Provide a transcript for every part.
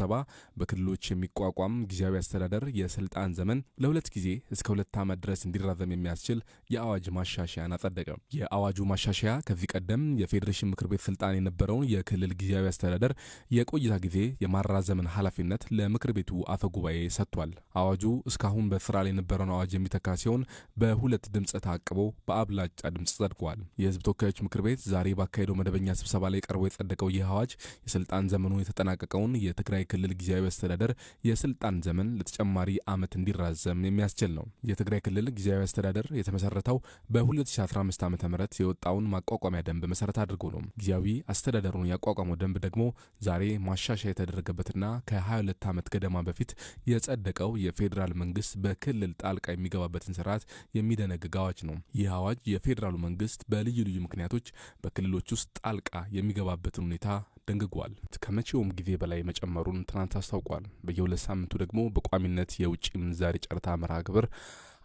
ስብሰባ በክልሎች የሚቋቋም ጊዜያዊ አስተዳደር የስልጣን ዘመን ለሁለት ጊዜ እስከ ሁለት ዓመት ድረስ እንዲራዘም የሚያስችል የአዋጅ ማሻሻያን አጸደቀ። የአዋጁ ማሻሻያ ከዚህ ቀደም የፌዴሬሽን ምክር ቤት ስልጣን የነበረውን የክልል ጊዜያዊ አስተዳደር የቆይታ ጊዜ የማራዘምን ኃላፊነት ለምክር ቤቱ አፈ ጉባኤ ሰጥቷል። አዋጁ እስካሁን በስራ ላይ የነበረውን አዋጅ የሚተካ ሲሆን በሁለት ድምፅ ታቅቦ በአብላጫ ድምፅ ጸድቋል። የህዝብ ተወካዮች ምክር ቤት ዛሬ ባካሄደው መደበኛ ስብሰባ ላይ ቀርቦ የጸደቀው ይህ አዋጅ የስልጣን ዘመኑ የተጠናቀቀውን የትግራይ ክልል ጊዜያዊ አስተዳደር የስልጣን ዘመን ለተጨማሪ ዓመት እንዲራዘም የሚያስችል ነው። የትግራይ ክልል ጊዜያዊ አስተዳደር የተመሰረተው በ2015 ዓ ም የወጣውን ማቋቋሚያ ደንብ መሰረት አድርጎ ነው። ጊዜያዊ አስተዳደሩን ያቋቋመው ደንብ ደግሞ ዛሬ ማሻሻያ የተደረገበትና ከ22 ዓመት ገደማ በፊት የጸደቀው የፌዴራል መንግስት በክልል ጣልቃ የሚገባበትን ስርዓት የሚደነግግ አዋጅ ነው። ይህ አዋጅ የፌዴራሉ መንግስት በልዩ ልዩ ምክንያቶች በክልሎች ውስጥ ጣልቃ የሚገባበትን ሁኔታ ደንግጓል። ከመቼውም ጊዜ በላይ መጨመሩን ትናንት አስታውቋል። በየሁለት ሳምንቱ ደግሞ በቋሚነት የውጭ ምንዛሪ ጨረታ መርሃ ግብር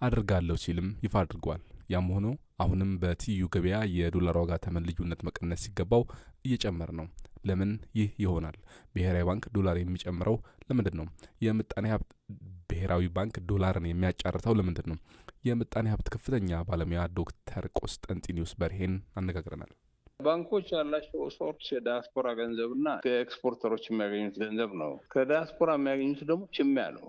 አድርጋለሁ ሲልም ይፋ አድርጓል። ያም ሆኖ አሁንም በትይዩ ገበያ የዶላር ዋጋ ተመን ልዩነት መቀነስ ሲገባው እየጨመረ ነው። ለምን ይህ ይሆናል? ብሔራዊ ባንክ ዶላር የሚጨምረው ለምንድን ነው? የምጣኔ ሀብት ብሔራዊ ባንክ ዶላርን የሚያጫርተው ለምንድን ነው? የምጣኔ ሀብት ከፍተኛ ባለሙያ ዶክተር ቆስጠንጢኒዮስ በርሄን አነጋግረናል። ባንኮች ያላቸው ሶርስ የዳያስፖራ እና ከኤክስፖርተሮች የሚያገኙት ገንዘብ ነው። ከዳያስፖራ የሚያገኙት ደግሞ ችሚያ ነው።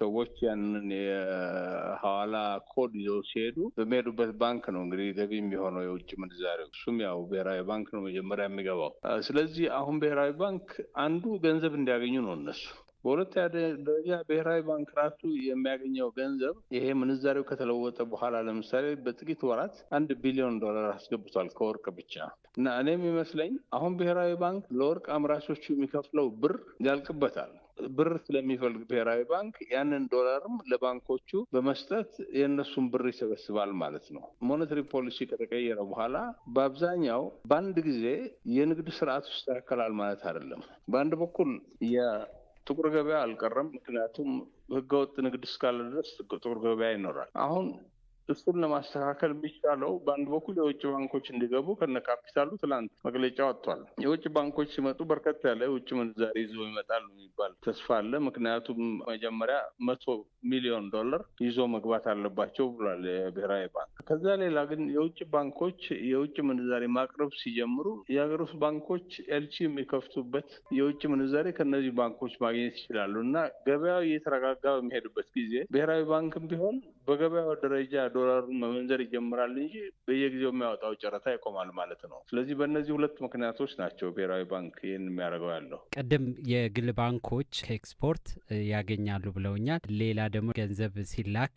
ሰዎች ያንን የሐዋላ ኮድ ይዘው ሲሄዱ በሚሄዱበት ባንክ ነው እንግዲህ ገቢ የሚሆነው የውጭ ምንዛሬው። እሱም ያው ብሔራዊ ባንክ ነው መጀመሪያ የሚገባው። ስለዚህ አሁን ብሔራዊ ባንክ አንዱ ገንዘብ እንዲያገኙ ነው እነሱ በሁለተኛ ደረጃ ብሔራዊ ባንክ ራሱ የሚያገኘው ገንዘብ ይሄ ምንዛሬው ከተለወጠ በኋላ ለምሳሌ በጥቂት ወራት አንድ ቢሊዮን ዶላር አስገብቷል ከወርቅ ብቻ እና እኔ ይመስለኝ አሁን ብሔራዊ ባንክ ለወርቅ አምራቾቹ የሚከፍለው ብር ያልቅበታል። ብር ስለሚፈልግ ብሔራዊ ባንክ ያንን ዶላርም ለባንኮቹ በመስጠት የእነሱን ብር ይሰበስባል ማለት ነው። ሞኔታሪ ፖሊሲ ከተቀየረ በኋላ በአብዛኛው በአንድ ጊዜ የንግድ ስርዓት ይስተካከላል ማለት አይደለም። በአንድ በኩል ጥቁር ገበያ አልቀረም። ምክንያቱም ህገወጥ ንግድ እስካለ ድረስ ጥቁር ገበያ ይኖራል። አሁን እሱን ለማስተካከል የሚቻለው በአንድ በኩል የውጭ ባንኮች እንዲገቡ ከነ ካፒታሉ ትላንት መግለጫ ወጥቷል። የውጭ ባንኮች ሲመጡ በርከት ያለ የውጭ ምንዛሪ ይዞ ይመጣሉ የሚባል ተስፋ አለ። ምክንያቱም መጀመሪያ መቶ ሚሊዮን ዶላር ይዞ መግባት አለባቸው ብሏል የብሔራዊ ባንክ። ከዛ ሌላ ግን የውጭ ባንኮች የውጭ ምንዛሬ ማቅረብ ሲጀምሩ የሀገር ውስጥ ባንኮች ኤልቺ የሚከፍቱበት የውጭ ምንዛሬ ከነዚህ ባንኮች ማግኘት ይችላሉ እና ገበያው እየተረጋጋ በሚሄድበት ጊዜ ብሔራዊ ባንክም ቢሆን በገበያው ደረጃ ዶላሩ መመንዘር ይጀምራል እንጂ በየጊዜው የሚያወጣው ጨረታ ይቆማል ማለት ነው። ስለዚህ በእነዚህ ሁለት ምክንያቶች ናቸው ብሔራዊ ባንክ ይህን የሚያደርገው ያለው። ቅድም የግል ባንኮች ከኤክስፖርት ያገኛሉ ብለውኛል። ሌላ ደግሞ ገንዘብ ሲላክ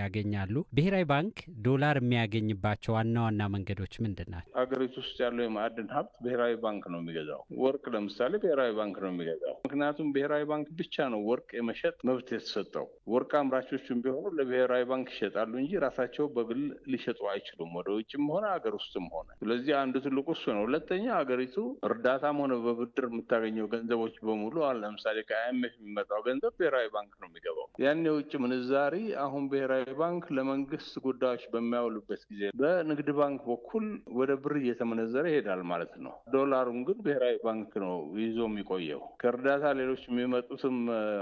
ያገኛሉ። ብሔራዊ ባንክ ዶላር የሚያገኝባቸው ዋና ዋና መንገዶች ምንድን ናቸው? ሀገሪቱ ውስጥ ያለው የማዕድን ሀብት ብሔራዊ ባንክ ነው የሚገዛው። ወርቅ ለምሳሌ ብሔራዊ ባንክ ነው የሚገዛው። ምክንያቱም ብሔራዊ ባንክ ብቻ ነው ወርቅ የመሸጥ መብት የተሰጠው። ወርቅ አምራቾቹም ቢሆኑ ለብሔራዊ ባንክ ይሸጣሉ እንጂ ራሳቸው በግል ሊሸጡ አይችሉም፣ ወደ ውጭም ሆነ ሀገር ውስጥም ሆነ። ስለዚህ አንዱ ትልቁ እሱ ነው። ሁለተኛ ሀገሪቱ እርዳታም ሆነ በብድር የምታገኘው ገንዘቦች በሙሉ አሁን ለምሳሌ ከአይኤምኤፍ የሚመጣው ገንዘብ ብሔራዊ ባንክ ነው የሚገባው። ያን የውጭ ምንዛሪ አሁን ብሔራዊ ባንክ ለመንግስት ጉዳዮች በሚያውሉበት ጊዜ በንግድ ባንክ በኩል ወደ ብር እየተመነዘረ ይሄዳል ማለት ነው። ዶላሩን ግን ብሔራዊ ባንክ ነው ይዞ የሚቆየው። ከእርዳታ ሌሎች የሚመጡትም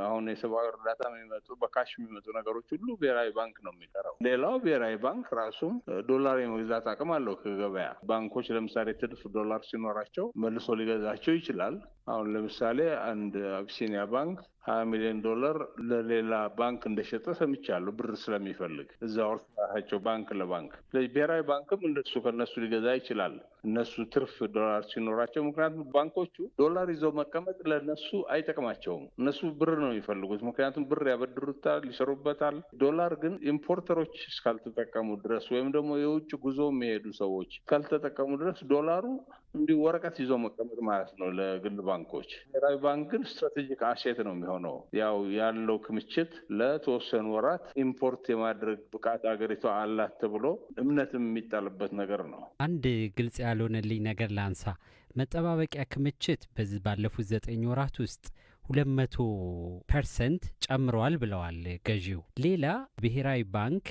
አሁን የሰብአዊ እርዳታ የሚመጡ በካሽ የሚመጡ ነገሮች ሁሉ ብሔራዊ ባንክ ነው የሚቀረው። ሌላው ብሔራዊ ባንክ ራሱም ዶላር የመግዛት አቅም አለው ከገበያ ባንኮች ለምሳሌ ትርፍ ዶላር ሲኖራቸው መልሶ ሊገዛቸው ይችላል። አሁን ለምሳሌ አንድ አቢሲኒያ ባንክ ሀያ ሚሊዮን ዶላር ለሌላ ባንክ እንደሸጠ ሰምቻለሁ። ብር ስለሚፈልግ እዛ ወርሳቸው ባንክ ለባንክ ብሔራዊ ባንክም እንደሱ ከነሱ ሊገዛ ይችላል። እነሱ ትርፍ ዶላር ሲኖራቸው፣ ምክንያቱም ባንኮቹ ዶላር ይዘው መቀመጥ ለነሱ አይጠቅማቸውም። እነሱ ብር ነው የሚፈልጉት። ምክንያቱም ብር ያበድሩታል፣ ይሰሩበታል። ዶላር ግን ኢምፖርተሮች እስካልተጠቀሙ ድረስ ወይም ደግሞ የውጭ ጉዞ የሚሄዱ ሰዎች እስካልተጠቀሙ ድረስ ዶላሩ እንዲሁ ወረቀት ይዞ መቀመጥ ማለት ነው። ለግል ባንኮች ብሔራዊ ባንክ ግን ስትራቴጂክ አሴት ነው የሚሆነው። ያው ያለው ክምችት ለተወሰኑ ወራት ኢምፖርት የማድረግ ብቃት አገሪቷ አላት ተብሎ እምነትም የሚጣልበት ነገር ነው። አንድ ግልጽ ያልሆነልኝ ነገር ላንሳ። መጠባበቂያ ክምችት በዚህ ባለፉት ዘጠኝ ወራት ውስጥ ሁለት መቶ ፐርሰንት ጨምረዋል ብለዋል ገዢው። ሌላ ብሔራዊ ባንክ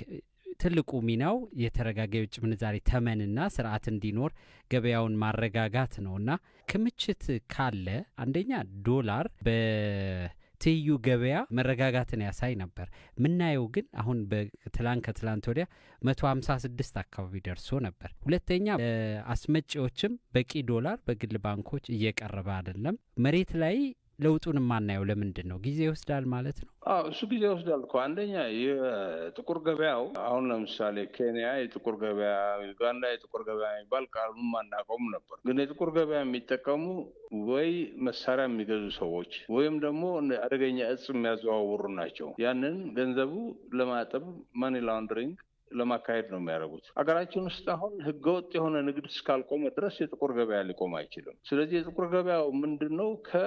ትልቁ ሚናው የተረጋጋ የውጭ ምንዛሬ ተመንና ስርዓት እንዲኖር ገበያውን ማረጋጋት ነው እና ክምችት ካለ አንደኛ ዶላር በትይዩ ገበያ መረጋጋትን ያሳይ ነበር። ምናየው ግን አሁን በትላንት ከትላንት ወዲያ 156 አካባቢ ደርሶ ነበር። ሁለተኛ አስመጪዎችም በቂ ዶላር በግል ባንኮች እየቀረበ አይደለም። መሬት ላይ ለውጡን የማናየው ለምንድን ነው? ጊዜ ይወስዳል ማለት ነው። አዎ እሱ ጊዜ ይወስዳል እኮ አንደኛ የጥቁር ገበያው አሁን ለምሳሌ ኬንያ የጥቁር ገበያ፣ ዩጋንዳ የጥቁር ገበያ የሚባል ቃሉ ማናቀውም ነበር። ግን የጥቁር ገበያ የሚጠቀሙ ወይ መሳሪያ የሚገዙ ሰዎች ወይም ደግሞ አደገኛ እጽ የሚያዘዋውሩ ናቸው። ያንን ገንዘቡ ለማጠብ ማኒ ላውንድሪንግ ለማካሄድ ነው የሚያደርጉት። ሀገራችን ውስጥ አሁን ህገወጥ የሆነ ንግድ እስካልቆመ ድረስ የጥቁር ገበያ ሊቆም አይችልም። ስለዚህ የጥቁር ገበያው ምንድን ነው ከ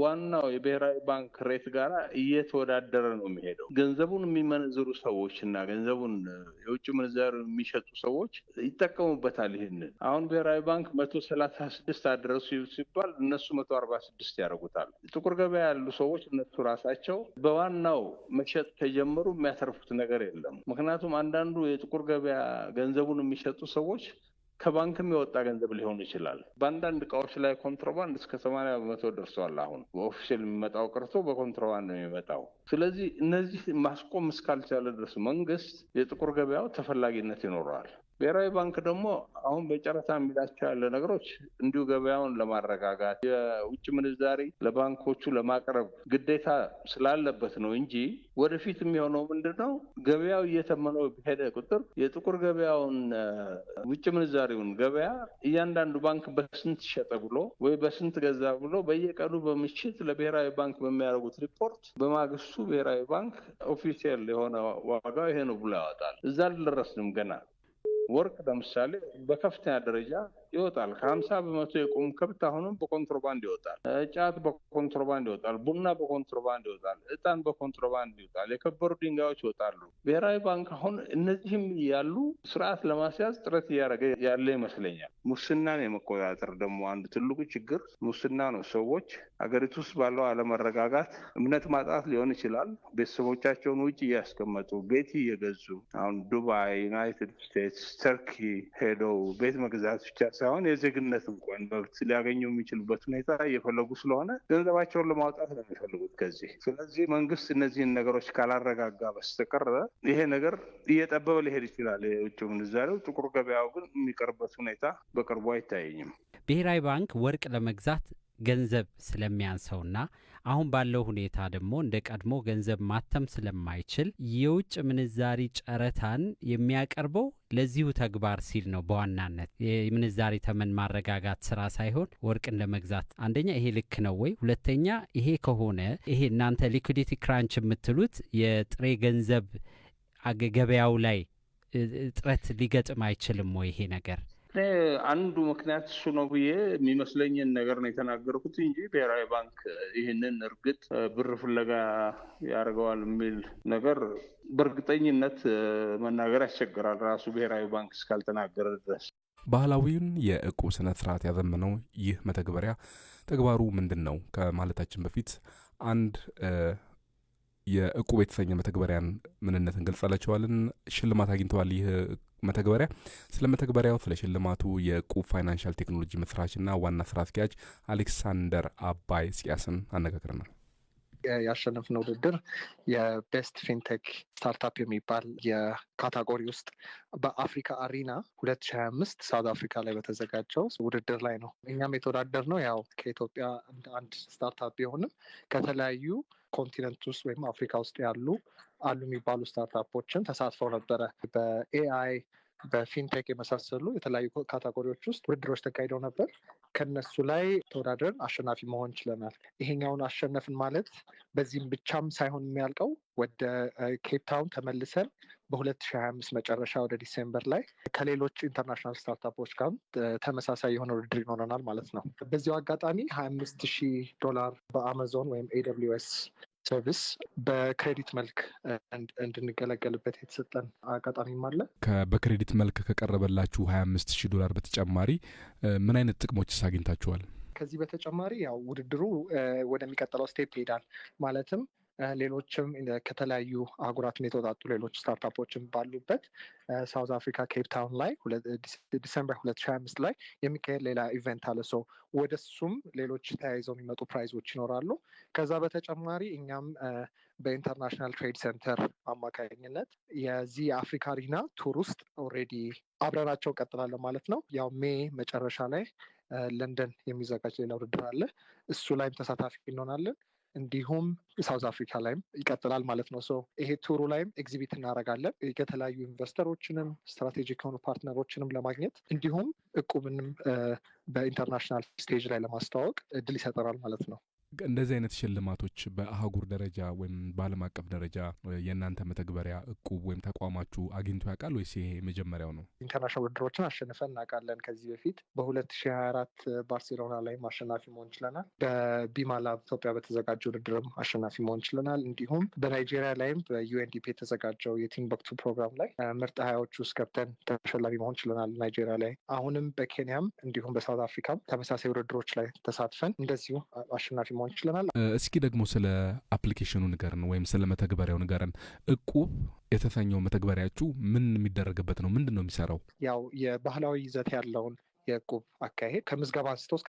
ዋናው የብሔራዊ ባንክ ሬት ጋር እየተወዳደረ ነው የሚሄደው። ገንዘቡን የሚመነዝሩ ሰዎች እና ገንዘቡን የውጭ ምንዛሪ የሚሸጡ ሰዎች ይጠቀሙበታል። ይህንን አሁን ብሔራዊ ባንክ መቶ ሰላሳ ስድስት አደረሱ ሲባል እነሱ መቶ አርባ ስድስት ያደርጉታል። ጥቁር ገበያ ያሉ ሰዎች እነሱ ራሳቸው በዋናው መሸጥ ከጀመሩ የሚያተርፉት ነገር የለም። ምክንያቱም አንዳንዱ የጥቁር ገበያ ገንዘቡን የሚሸጡ ሰዎች ከባንክም የወጣ ገንዘብ ሊሆን ይችላል። በአንዳንድ እቃዎች ላይ ኮንትሮባንድ እስከ ሰማንያ በመቶ ደርሷል። አሁን በኦፊሻል የሚመጣው ቀርቶ በኮንትሮባንድ ነው የሚመጣው። ስለዚህ እነዚህ ማስቆም እስካልቻለ ድረስ መንግስት የጥቁር ገበያው ተፈላጊነት ይኖረዋል። ብሔራዊ ባንክ ደግሞ አሁን በጨረታ የሚላቸው ያለ ነገሮች እንዲሁ ገበያውን ለማረጋጋት የውጭ ምንዛሪ ለባንኮቹ ለማቅረብ ግዴታ ስላለበት ነው እንጂ ወደፊት የሚሆነው ምንድን ነው? ገበያው እየተመነው በሄደ ቁጥር የጥቁር ገበያውን ውጭ ምንዛሪውን ገበያ እያንዳንዱ ባንክ በስንት ሸጠ ብሎ ወይ በስንት ገዛ ብሎ በየቀኑ በምሽት ለብሔራዊ ባንክ በሚያደርጉት ሪፖርት በማግስቱ ብሔራዊ ባንክ ኦፊሴል የሆነ ዋጋው ይሄ ነው ብሎ ያወጣል። እዛ አልደረስንም ገና ወርቅ ለምሳሌ በከፍተኛ ደረጃ ይወጣል። ከሀምሳ በመቶ የቁም ከብት አሁንም በኮንትሮባንድ ይወጣል። ጫት በኮንትሮባንድ ይወጣል። ቡና በኮንትሮባንድ ይወጣል። እጣን በኮንትሮባንድ ይወጣል። የከበሩ ድንጋዮች ይወጣሉ። ብሔራዊ ባንክ አሁን እነዚህም ያሉ ስርዓት ለማስያዝ ጥረት እያደረገ ያለ ይመስለኛል። ሙስናን የመቆጣጠር ደግሞ አንዱ ትልቁ ችግር ሙስና ነው። ሰዎች ሀገሪቱ ውስጥ ባለው አለመረጋጋት እምነት ማጣት ሊሆን ይችላል። ቤተሰቦቻቸውን ውጭ እያስቀመጡ ቤት እየገዙ አሁን ዱባይ፣ ዩናይትድ ስቴትስ፣ ተርኪ ሄደው ቤት መግዛት ብቻ ሳይሆን የዜግነት እንኳን መብት ሊያገኙ የሚችሉበት ሁኔታ እየፈለጉ ስለሆነ ገንዘባቸውን ለማውጣት ነው የሚፈልጉት ከዚህ። ስለዚህ መንግስት እነዚህን ነገሮች ካላረጋጋ በስተቀረ ይሄ ነገር እየጠበበ ሊሄድ ይችላል የውጭ ምንዛሬው። ጥቁር ገበያው ግን የሚቀርበት ሁኔታ በቅርቡ አይታየኝም። ብሔራዊ ባንክ ወርቅ ለመግዛት ገንዘብ ስለሚያንሰውና አሁን ባለው ሁኔታ ደግሞ እንደ ቀድሞ ገንዘብ ማተም ስለማይችል የውጭ ምንዛሪ ጨረታን የሚያቀርበው ለዚሁ ተግባር ሲል ነው። በዋናነት የምንዛሪ ተመን ማረጋጋት ስራ ሳይሆን ወርቅን ለመግዛት አንደኛ ይሄ ልክ ነው ወይ? ሁለተኛ ይሄ ከሆነ ይሄ እናንተ ሊኩዲቲ ክራንች የምትሉት የጥሬ ገንዘብ ገበያው ላይ እጥረት ሊገጥም አይችልም ወይ ይሄ ነገር? አንዱ ምክንያት እሱ ነው ብዬ የሚመስለኝን ነገር ነው የተናገርኩት እንጂ ብሔራዊ ባንክ ይህንን እርግጥ ብር ፍለጋ ያደርገዋል የሚል ነገር በእርግጠኝነት መናገር ያስቸግራል፣ ራሱ ብሔራዊ ባንክ እስካልተናገረ ድረስ። ባህላዊውን የእቁብ ስነ ስርዓት ያዘመነው ይህ መተግበሪያ ተግባሩ ምንድን ነው ከማለታችን በፊት አንድ የእቁብ የተሰኘ መተግበሪያን ምንነት እንገልጻላቸዋለን። ሽልማት አግኝተዋል። ይህ መተግበሪያ ስለ መተግበሪያው፣ ስለ ሽልማቱ የእቁብ ፋይናንሻል ቴክኖሎጂ መስራችና ዋና ስራ አስኪያጅ አሌክሳንደር አባይ ጽያስን አነጋግረናል። ያሸነፍነው ውድድር የቤስት ፊንቴክ ስታርታፕ የሚባል የካታጎሪ ውስጥ በአፍሪካ አሪና ሁለት ሺ ሀያ አምስት ሳውት አፍሪካ ላይ በተዘጋጀው ውድድር ላይ ነው። እኛም የተወዳደር ነው ያው ከኢትዮጵያ እንደ አንድ ስታርታፕ ቢሆንም ከተለያዩ ኮንቲነንት ውስጥ ወይም አፍሪካ ውስጥ ያሉ አሉ የሚባሉ ስታርታፖችን ተሳትፈው ነበረ በኤአይ በፊንቴክ የመሳሰሉ የተለያዩ ካታጎሪዎች ውስጥ ውድድሮች ተካሂደው ነበር። ከነሱ ላይ ተወዳድረን አሸናፊ መሆን ችለናል። ይሄኛውን አሸነፍን ማለት በዚህም ብቻም ሳይሆን የሚያልቀው ወደ ኬፕታውን ተመልሰን በ2025 መጨረሻ ወደ ዲሴምበር ላይ ከሌሎች ኢንተርናሽናል ስታርታፖች ጋር ተመሳሳይ የሆነ ውድድር ይኖረናል ማለት ነው። በዚሁ አጋጣሚ 25 ሺህ ዶላር በአማዞን ወይም ኤስ ሰርቪስ በክሬዲት መልክ እንድንገለገልበት የተሰጠን አጋጣሚም አለ። በክሬዲት መልክ ከቀረበላችሁ 25 ሺህ ዶላር በተጨማሪ ምን አይነት ጥቅሞች አግኝታችኋል? ከዚህ በተጨማሪ ያው ውድድሩ ወደሚቀጥለው ስቴፕ ይሄዳል። ማለትም ሌሎችም ከተለያዩ አህጉራትን የተወጣጡ ሌሎች ስታርታፖችም ባሉበት ሳውዝ አፍሪካ ኬፕ ታውን ላይ ዲሰምበር 2025 ላይ የሚካሄድ ሌላ ኢቨንት አለ። ሰው ወደ ሱም ሌሎች ተያይዘው የሚመጡ ፕራይዞች ይኖራሉ። ከዛ በተጨማሪ እኛም በኢንተርናሽናል ትሬድ ሴንተር አማካኝነት የዚህ የአፍሪካ ሪና ቱር ውስጥ ኦሬዲ አብረናቸው ቀጥላለን ማለት ነው። ያው ሜ መጨረሻ ላይ ለንደን የሚዘጋጅ ሌላ ውድድር አለ። እሱ ላይም ተሳታፊ እንሆናለን። እንዲሁም ሳውዝ አፍሪካ ላይም ይቀጥላል ማለት ነው። ሰው ይሄ ቱሩ ላይም ኤግዚቢት እናደርጋለን የተለያዩ ኢንቨስተሮችንም ስትራቴጂክ የሆኑ ፓርትነሮችንም ለማግኘት እንዲሁም እቁብንም በኢንተርናሽናል ስቴጅ ላይ ለማስተዋወቅ እድል ይሰጠናል ማለት ነው። እንደዚህ አይነት ሽልማቶች በአህጉር ደረጃ ወይም በዓለም አቀፍ ደረጃ የእናንተ መተግበሪያ እቁብ ወይም ተቋማችሁ አግኝቶ ያውቃል ወይስ ይሄ መጀመሪያው ነው? ኢንተርናሽናል ውድድሮችን አሸንፈን እናውቃለን። ከዚህ በፊት በ2024 ባርሴሎና ላይም አሸናፊ መሆን ችለናል። በቢማላ ኢትዮጵያ በተዘጋጀ ውድድርም አሸናፊ መሆን ችለናል። እንዲሁም በናይጄሪያ ላይም በዩኤንዲፒ የተዘጋጀው የቲምበክቱ ፕሮግራም ላይ ምርጥ ሀያዎች ውስጥ ገብተን ተሸላሚ መሆን ችለናል ናይጄሪያ ላይ። አሁንም በኬንያም እንዲሁም በሳውት አፍሪካም ተመሳሳይ ውድድሮች ላይ ተሳትፈን እንደዚሁ አሸናፊ ማወቅ ችለናል። እስኪ ደግሞ ስለ አፕሊኬሽኑ ንገርን ወይም ስለ መተግበሪያው ንገርን። እቁብ የተሰኘው መተግበሪያችሁ ምን የሚደረግበት ነው? ምንድን ነው የሚሰራው? ያው የባህላዊ ይዘት ያለውን የእቁብ አካሄድ ከምዝገባ አንስቶ